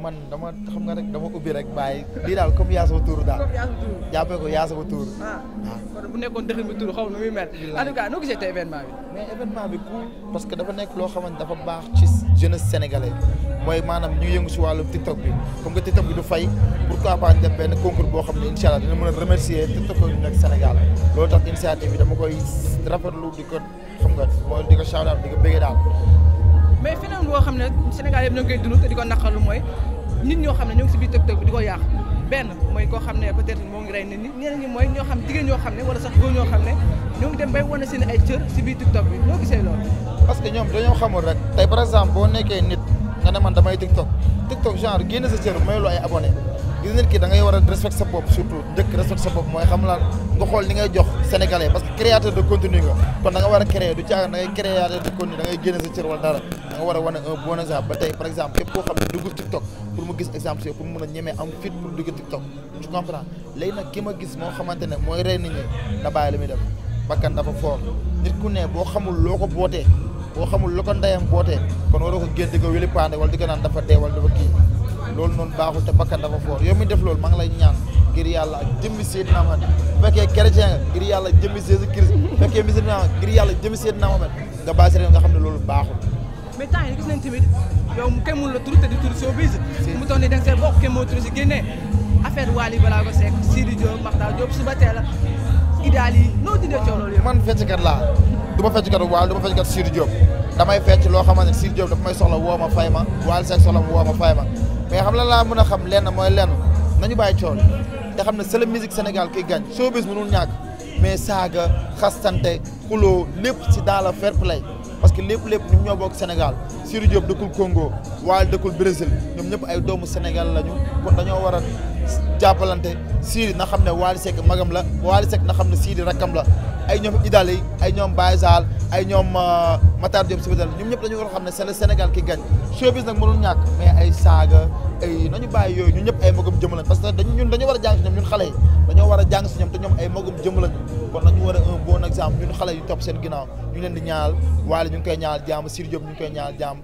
man dama xam nga rek dama ubbi rek bàyyi lii daal comme yaa sama tuur daal jàppee ko yaa sama tuur ah. ah. nekkoon dëxin xaw nu muy mel en tout cas noo gisee tey événement bi mais événement bi cool parce que dafa nekk loo xamante mooy maanaam ñu yëngu si wàllum TikTok bi comme que TikTok bi du fay pourquoi pas ñu def boo xam ne incha allah dina mën a remercier TikTok ñu nekk Sénégal loolu tax initiative bi dama koy xam nga mooy di ko shout out di ko bëggee daal mais feneen boo xam ne Sénégal yëpp ñoo ngi koy dund te di ko naqarlu mooy nit ñoo xam ne ñoo ngi si biir TikTok bi di ko yàq benn mooy koo xam ne peut-être moo ngi rey nit ñi ñeneen ñi mooy ñoo xam jigéen ñoo xam ne wala sax góor ñoo xam ne ñoo ngi dem bay wane seen ay cër si biir TikTok bi noo gisee loolu. parce que ñoom dañoo xamul rek tey par exemple boo nekkee nit nga ne damay TikTok TikTok genre génne sa cër mayuloo ay abonné gis nit ki da ngay war a respecter sa bopp surtout njëkk respecter sa bopp mooy xam la nga xool li ngay jox sénégalais parce que créateur de contenu nga kon da war a créer du caaga da ngay créateur de contenu da ngay génne sa cër wala dara da war a wane un ba tey par exemple képp koo xam ne dugg TikTok pour mu gis exemple si pour mu mun a ñemee am fit pour dugg TikTok tu comprends léegi nag ki ma gis moo xamante ne mooy rey nit ñi na bàyyi li muy def bakkan dafa ku ne boo xamul loo ko bootee boo xamul lu ko ndeyam bootee kon waroo ko génn di ko wéli di ko naan dafa dee wala dafa kii loolu noonu baaxul te bakkan dafa foor yow mi def loolu maa ngi lay ñaan ngir yàlla ak jëmmi Seydina Mohamed bu fekkee chrétien nga ngir yàlla jëmmi Jésus Christ loolu baaxul mais temps yi gis nañ tamit yow kenn mënu la tur te di tur showbiz da nga a idaal yi noo dindee coow loolu man fecckat laa du damay fecc loo xamante ne Sidi Diop dafa may soxla woo ma fay ma Wally Seck soxla woo ma ma mais xam la laa mën a xam lenn mooy lenn nañu bàyyi coow te xam ne c'est la musique Sénégal kiy gañ showbiz mënul ñàkk mais saaga xastante xuloo lépp ci dans le fair play parce que lépp lépp ñoom ñoo bokk Sénégal Sidy Diop dëkkul Congo waaye dëkkul Brésil ñoom ñëpp ay doomu Sénégal lañu kon dañoo war a jàppalante Sidy na xam ne Wally Seck magam la Wally Seck na xam ne Sidy rakkam la ay ñoom Idali ay ñoom Baye Sall ay ñoom euh, Matar Diop a xam ne c'est le Sénégal qui gagne showbiz nag mënul ñàkk mais ay saaga ay nañu bàyyi yooyu ñun ñëpp ay magum jëm que dañu ñun dañu war a jàng si ñoom ñun xale yi dañoo war a jàng si ñoom te ñoom ay a un bon exemple ñun ñu leen ñaal Wally ñu ngi koy ñaal jàmm Sidy Diop ñu ngi koy ñaal jàmm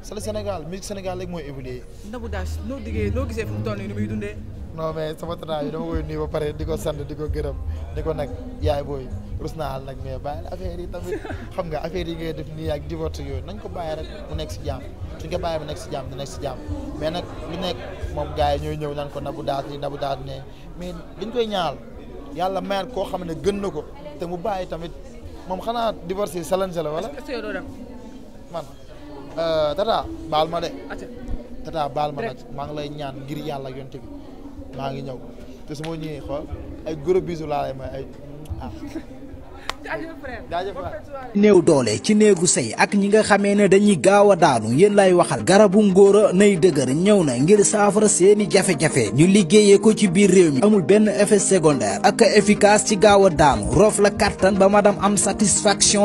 c'est le musique Sénégal léegi mooy évoluer Nabou Dash noo diggee noo gisee fu mu toll nii ni muy dundee non mais sama tata bi dama koy nuyu ba pare di ko sant di ko gërëm di ko nag yaay booy rus naa nag mais bàyyi la affaire yi tamit xam nga affaire yi ngay def nii ak divorce yooyu nañ ko bàyyi rek mu nekk si jàmm suñ ko bàyyi mu nekk si jàmm mu nekk si jàmm mais nag lu nekk moom gars yi ñooy ñëw naan ko nabu daat yi nabu daat ne mais dañ koy ñaal yàlla mayal koo xam ne gën na ko te mu bàyyi tamit moom xanaa divorce yi salanse la wala. man euh, tata baal ma de. tata baal ma nag maa ngi lay ñaan ngir yàlla yonte bi maa ngi ñëw te su ma ay gros bisous ah. néew doole ci néegu sëy ak ñi nga xamee ne dañuy gaaw a daanu yéen lay waxal garabu ngóora nay dëgër ñëw na ngir saafara seeni jafe-jafe ñu liggéeyee ko ci biir réew mi amul benn effet secondaire ak efficace ci gaaw a daanu roof la kàttan ba ma dam am satisfaction